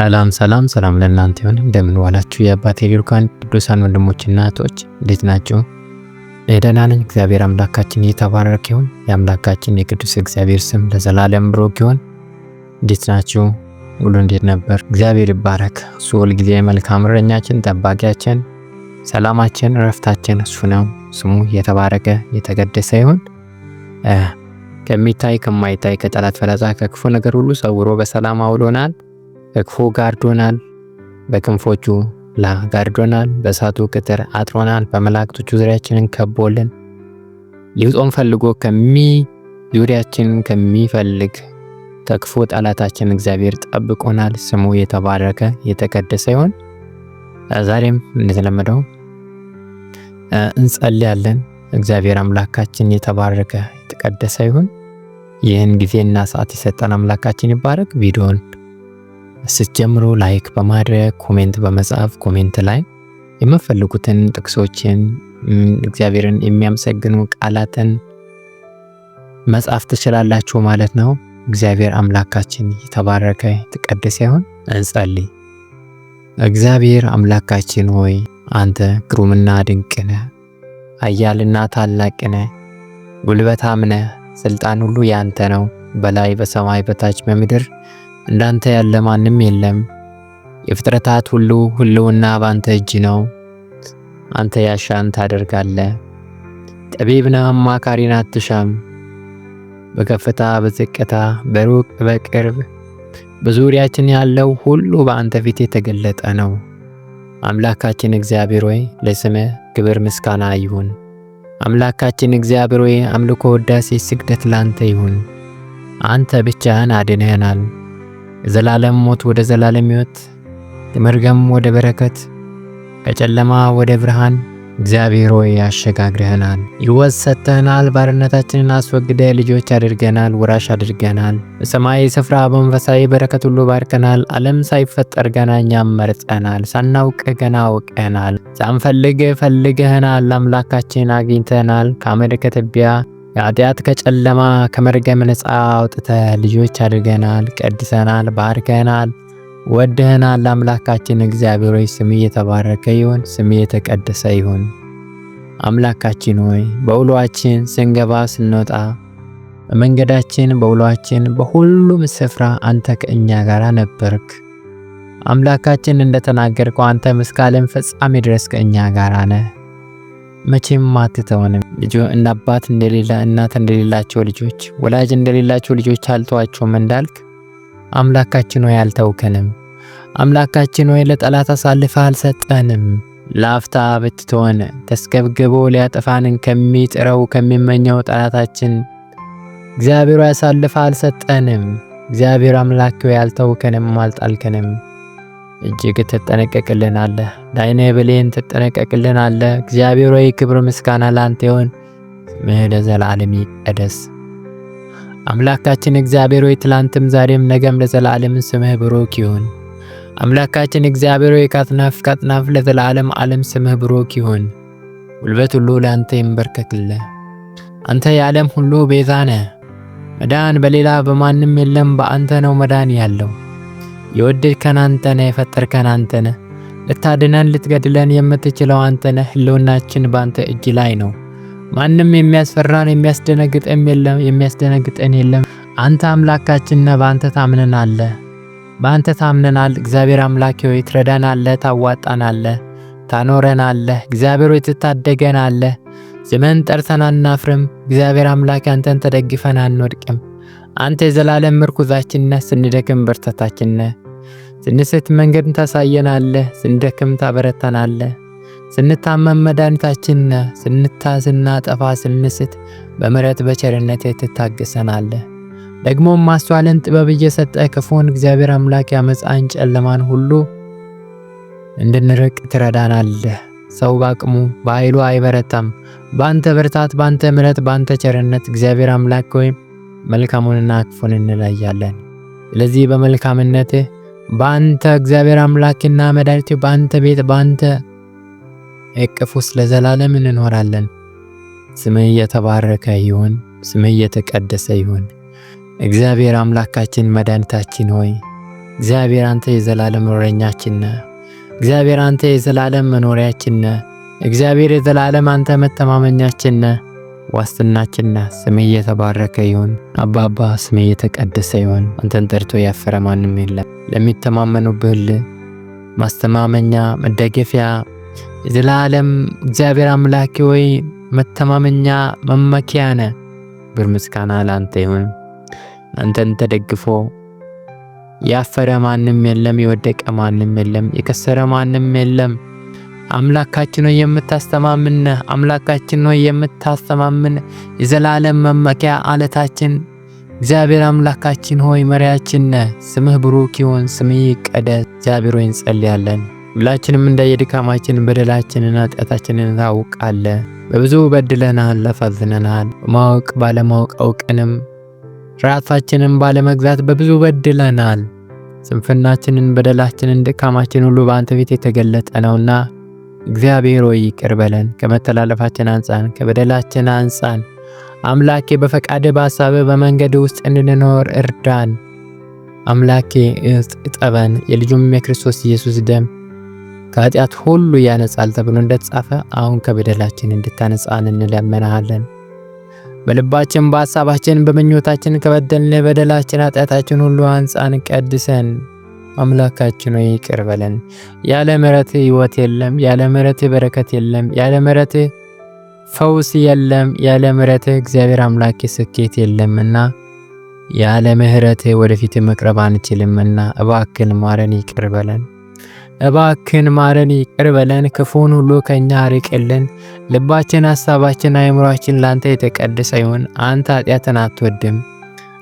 ሰላም ሰላም ሰላም ለእናንተ ይሁን። እንደምን ዋላችሁ? የአባቴ ሊርካን ቅዱሳን ወንድሞችና እህቶች እንዴት ናችሁ? ደህና ነኝ። እግዚአብሔር አምላካችን የተባረከ ይሁን። የአምላካችን የቅዱስ እግዚአብሔር ስም ለዘላለም ብሩክ ይሁን። እንዴት ናችሁ? ሁሉ እንዴት ነበር? እግዚአብሔር ይባረክ። እሱ ሁልጊዜ መልካም እረኛችን፣ ጠባቂያችን፣ ሰላማችን፣ እረፍታችን እሱ ነው። ስሙ የተባረከ የተገደሰ ይሁን። ከሚታይ ከማይታይ ከጠላት ፈላጻ ከክፉ ነገር ሁሉ ሰውሮ በሰላም አውሎናል። ከክፉ ጋርዶናል፣ በክንፎቹ ላ ጋርዶናል፣ በእሳቱ ቅጥር አጥሮናል፣ በመላእክቶቹ ዙሪያችንን ከቦልን። ሊውጦን ፈልጎ ከሚ ዙሪያችንን ከሚፈልግ ከክፉ ጠላታችን እግዚአብሔር ጠብቆናል። ስሙ የተባረከ የተቀደሰ ይሆን ዛሬም እንደተለመደው እንጸልያለን። እግዚአብሔር አምላካችን የተባረከ የተቀደሰ ይሁን። ይህን ጊዜና ሰዓት የሰጠን አምላካችን ይባረክ። ቪዲዮን ስትጀምሩ ላይክ በማድረግ ኮሜንት በመጻፍ ኮሜንት ላይ የምፈልጉትን ጥቅሶችን እግዚአብሔርን የሚያመሰግኑ ቃላትን መጻፍ ትችላላችሁ ማለት ነው። እግዚአብሔር አምላካችን የተባረከ የተቀደሰ ይሁን። እንጸልይ። እግዚአብሔር አምላካችን ሆይ አንተ ግሩምና ድንቅ ነህ፣ ኃያልና ታላቅ ነህ፣ ጉልበታም ነህ። ስልጣን ሁሉ ያንተ ነው፣ በላይ በሰማይ በታች በምድር እንዳንተ ያለ ማንም የለም። የፍጥረታት ሁሉ ህልውና ባንተ እጅ ነው። አንተ ያሻን ታደርጋለህ። ጠቢብና አማካሪን አትሻም። በከፍታ በዝቅታ በሩቅ በቅርብ በዙሪያችን ያለው ሁሉ በአንተ ፊት የተገለጠ ነው። አምላካችን እግዚአብሔር ሆይ ለስመ ክብር ምስጋና ይሁን። አምላካችን እግዚአብሔር ሆይ አምልኮ፣ ውዳሴ፣ ስግደት ላንተ ይሁን። አንተ ብቻህን አድነህናል። የዘላለም ሞት ወደ ዘላለም ሕይወት፣ ከመርገም ወደ በረከት፣ ከጨለማ ወደ ብርሃን እግዚአብሔር ሆይ ያሸጋግረህናል። ሕይወት ሰጥተህናል። ባርነታችንን አስወግደ ልጆች አድርገናል፣ ወራሽ አድርገናል። በሰማይ ስፍራ በመንፈሳዊ በረከት ሁሉ ባርከናል። ዓለም ሳይፈጠር ገና እኛም መርጠናል። ሳናውቅህ ገና አውቀናል ሳንፈልግህ ፈልገህናል። አምላካችን አግኝተናል። ከአመድ ከትቢያ ከኃጢአት ከጨለማ ከመርገም ነፃ አውጥተ ልጆች አድርገናል፣ ቀድሰናል፣ ባርከናል፣ ወደህናል። ለአምላካችን እግዚአብሔር ሆይ ስም እየተባረከ ይሁን፣ ስም እየተቀደሰ ይሁን። አምላካችን ሆይ በውሏችን ስንገባ ስንወጣ፣ በመንገዳችን በውሏችን በሁሉም ስፍራ አንተ ከእኛ ጋር ነበርክ። አምላካችን እንደተናገርከው አንተም እስከ ዓለም ፍጻሜ ድረስ ከእኛ ጋር ነህ። መቼም አትተውንም። ልጆ እንደ አባት እንደሌላ እናት እንደሌላቸው ልጆች ወላጅ እንደሌላቸው ልጆች አልተዋቸውም እንዳልክ አምላካችን ሆይ አልተውከንም። አምላካችን ሆይ ለጠላት አሳልፈ አልሰጠንም። ለአፍታ ብትሆን ተስገብግቦ ሊያጠፋንን ከሚጥረው ከሚመኘው ጠላታችን እግዚአብሔር አሳልፈ አልሰጠንም። እግዚአብሔር አምላክ ሆይ አልተውከንም፣ አልጣልከንም። እጅግ ትጠነቀቅልናለህ፣ ለዓይነ ብሌን ትጠነቀቅልናለህ። እግዚአብሔር ሆይ ክብር ምስጋና ላንተ ይሁን፣ ስምህ ለዘላለም ይቀደስ። አምላካችን እግዚአብሔር ሆይ ትላንትም ዛሬም ነገም ለዘላለም ስምህ ብሩክ ይሁን። አምላካችን እግዚአብሔር ሆይ ከአጥናፍ ከአጥናፍ ለዘላለም ዓለም ስምህ ብሩክ ይሁን። ጉልበት ሁሉ ለአንተ ይንበርከክለ አንተ የዓለም ሁሉ ቤዛ ነህ። መዳን በሌላ በማንም የለም፣ በአንተ ነው መዳን ያለው። የወደድከን አንተነ የፈጠርከን አንተነ ልታድነን ልትገድለን የምትችለው አንተነ ህልውናችን በአንተ እጅ ላይ ነው። ማንም የሚያስፈራን የሚያስደነግጠን የለም የሚያስደነግጠን የለም። አንተ አምላካችንና በአንተ አለ በአንተ ታምነናል። እግዚአብሔር አምላክ ሆይ አለ ታኖረን አለ። እግዚአብሔር ሆይ አለ። ዘመን ጠርተን አናፍርም። እግዚአብሔር አምላክ አንተን ተደግፈን አንወድቅም። አንተ የዘላለም ምርኩዛችን ነህ፣ ስንደክም ነህ። ስንስት መንገድን ታሳየናለህ፣ ስንደክም ታበረታናለህ። ስንታመም መድኃኒታችን ነህ። ስንታ ስናጠፋ ስንስት በምሕረት በቸርነት ትታገሰናለህ። ደግሞም ማስተዋልን ጥበብ እየሰጠ ክፉን እግዚአብሔር አምላክ ያመፃን ጨለማን ሁሉ እንድንርቅ ትረዳናለህ። ሰው በአቅሙ በኃይሉ አይበረታም። በአንተ ብርታት፣ በአንተ ምሕረት፣ በአንተ ቸርነት እግዚአብሔር አምላክ ወይም መልካሙንና ክፉን እንለያለን። ስለዚህ በመልካምነትህ በአንተ እግዚአብሔር አምላክና መድኃኒቴ በአንተ ቤት በአንተ እቅፍ ውስጥ ለዘላለም እንኖራለን። ስምህ እየተባረከ ይሁን፣ ስምህ እየተቀደሰ ይሁን። እግዚአብሔር አምላካችን መድኃኒታችን ሆይ እግዚአብሔር አንተ የዘላለም እረኛችን ነህ። እግዚአብሔር አንተ የዘላለም መኖሪያችን ነህ። እግዚአብሔር የዘላለም አንተ መተማመኛችን ነህ። ዋስትናችንና ስሜ እየተባረከ ይሁን። አባባ ስሜ እየተቀደሰ ይሁን። አንተን ጠርቶ ያፈረ ማንም የለም። ብል ማስተማመኛ መደገፊያ የዘላለም እግዚአብሔር አምላኪ ወይ መተማመኛ መመኪያ ነ ብር ምስጋና ለአንተ ይሁን። አንተን ተደግፎ ያፈረ ማንም የለም። የወደቀ ማንም የለም። የከሰረ ማንም የለም። አምላካችን ሆይ የምታስተማምነ አምላካችን ሆይ የምታስተማምነ የዘላለም መመኪያ አለታችን እግዚአብሔር አምላካችን ሆይ መሪያችን ስምህ ብሩክ ይሁን፣ ስምህ ይቀደስ። እግዚአብሔር ሆይ እንጸልያለን። ሁላችንም እንደ የድካማችን በደላችንና ኃጢአታችንን ታውቃለ። በብዙ በድለናል፣ አሳዝነናል። በማወቅ ባለማወቅ አውቀንም ራሳችንን ባለመግዛት በብዙ በድለናል። ስንፍናችንን፣ በደላችንን፣ ድካማችን ሁሉ በአንተ ፊት የተገለጠ ነውና እግዚአብሔር ሆይ ይቅር በለን፣ ከመተላለፋችን አንጻን፣ ከበደላችን አንጻን። አምላኬ በፈቃድ በሐሳብ በመንገድ ውስጥ እንድንኖር እርዳን። አምላኬ እጠበን። የልጁም የክርስቶስ ኢየሱስ ደም ከኃጢአት ሁሉ ያነጻል ተብሎ እንደተጻፈ አሁን ከበደላችን እንድታነጻን እንለመናሃለን። በልባችን በሐሳባችን፣ በምኞታችን ከበደልን በደላችን ኃጢአታችን ሁሉ አንጻን፣ ቀድሰን አምላካችን ሆይ ይቅር በለን። ያለ ምሕረት ህይወት የለም፣ ያለ ምሕረት በረከት የለም፣ ያለ ምሕረት ፈውስ የለም፣ ያለ ምሕረት እግዚአብሔር አምላክ ስኬት የለምና ያለ ምሕረት ወደፊት መቅረብ አንችልምና እባክን ማረን፣ ይቅር በለን። እባክን ማረን፣ ይቅር በለን። ክፉን ሁሉ ከኛ አርቅልን። ልባችን፣ ሀሳባችን፣ አእምሯችን ላንተ የተቀደሰ ይሁን። አንተ ኃጢአትን አትወድም።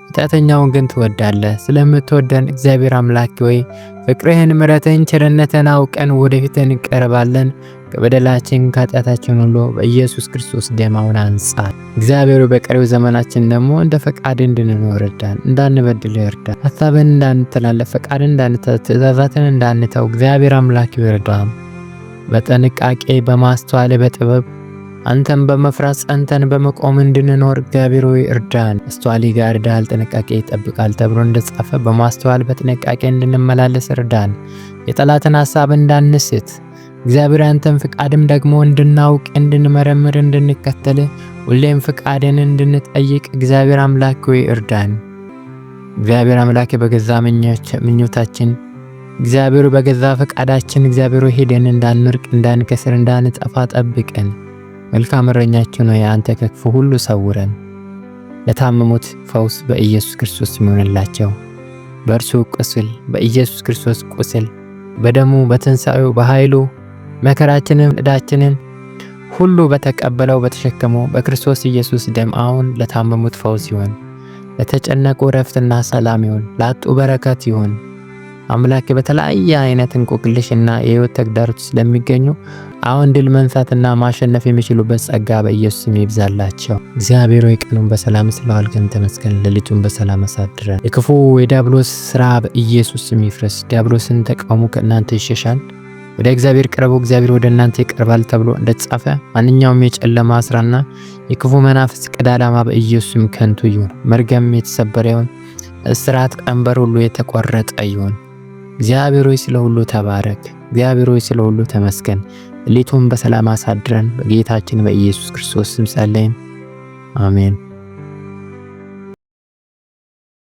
ኃጢአተኛውን ግን ትወዳለህ። ስለምትወደን እግዚአብሔር አምላክ ሆይ ፍቅርህን፣ ምረትህን፣ ቸርነትን አውቀን ወደፊት እንቀርባለን። ከበደላችን ከኃጢአታችን ሁሉ በኢየሱስ ክርስቶስ ደማውን አንጻ። አንጻን። እግዚአብሔር በቀሪው ዘመናችን ደግሞ እንደ ፈቃድ እንድንኖር እርዳን፣ እንዳንበድል እርዳን፣ ሀሳብን እንዳንተላለፍ፣ ፈቃድ እንዳንተው፣ ትእዛዛትን እንዳንተው እግዚአብሔር አምላክ ይርዳም። በጥንቃቄ በማስተዋል በጥበብ አንተን በመፍራት ጸንተን በመቆም እንድንኖር እግዚአብሔር ሆይ እርዳን። አስተዋል ይጋርዳል፣ ጥንቃቄ ይጠብቃል ተብሎ እንደጻፈ በማስተዋል በጥንቃቄ እንድንመላለስ እርዳን። የጠላትን ሐሳብ እንዳንስት እግዚአብሔር አንተን ፍቃድም ደግሞ እንድናውቅ እንድንመረምር፣ እንድንከተል ሁሌም ፍቃድን እንድንጠይቅ እግዚአብሔር አምላክ ሆይ እርዳን። እግዚአብሔር አምላክ በገዛ ምኞታችን እግዚአብሔር በገዛ ፈቃዳችን እግዚአብሔር ሄደን እንዳንርቅ፣ እንዳንከስር፣ እንዳንጠፋ ጠብቀን። መልካም እረኛችን ሆይ አንተ ከክፉ ሁሉ ሰውረን። ለታመሙት ፈውስ በኢየሱስ ክርስቶስ ይሆንላቸው። በእርሱ ቁስል በኢየሱስ ክርስቶስ ቁስል በደሙ በትንሣኤው በኃይሉ መከራችንን ዕዳችንን ሁሉ በተቀበለው በተሸከመው በክርስቶስ ኢየሱስ ደም አሁን ለታመሙት ፈውስ ይሆን። ለተጨነቁ ረፍትና ሰላም ይሆን። ላጡ በረከት ይሆን። አምላክ በተለያየ አይነት እንቆቅልሽና የህይወት ተግዳሮት ስለሚገኙ አሁን ድል መንሳትና ማሸነፍ የሚችሉበት ጸጋ በኢየሱስ ስም ይብዛላቸው። እግዚአብሔር ሆይ ቀኑን በሰላም ስለዋልከን ተመስገን። ሌሊቱን በሰላም አሳድረን። የክፉ የዲያብሎስ ስራ በኢየሱስ ስም ይፍረስ። ዲያብሎስን ተቃውሞ ከእናንተ ይሸሻል። ወደ እግዚአብሔር ቅረቡ፣ እግዚአብሔር ወደ እናንተ ይቀርባል ተብሎ እንደተጻፈ ማንኛውም የጨለማ ስራና የክፉ መናፍስ ቀዳዳማ በኢየሱስ ስም ከንቱ ይሁን። መርገም የተሰበረ ይሁን። እስራት ቀንበር ሁሉ የተቆረጠ ይሁን። እግዚአብሔር ሆይ ስለ ሁሉ ተባረክ። እግዚአብሔር ሆይ ስለ ሁሉ ተመስገን። ሌቱን በሰላም አሳድረን። በጌታችን በኢየሱስ ክርስቶስ ስም ጸለይን። አሜን።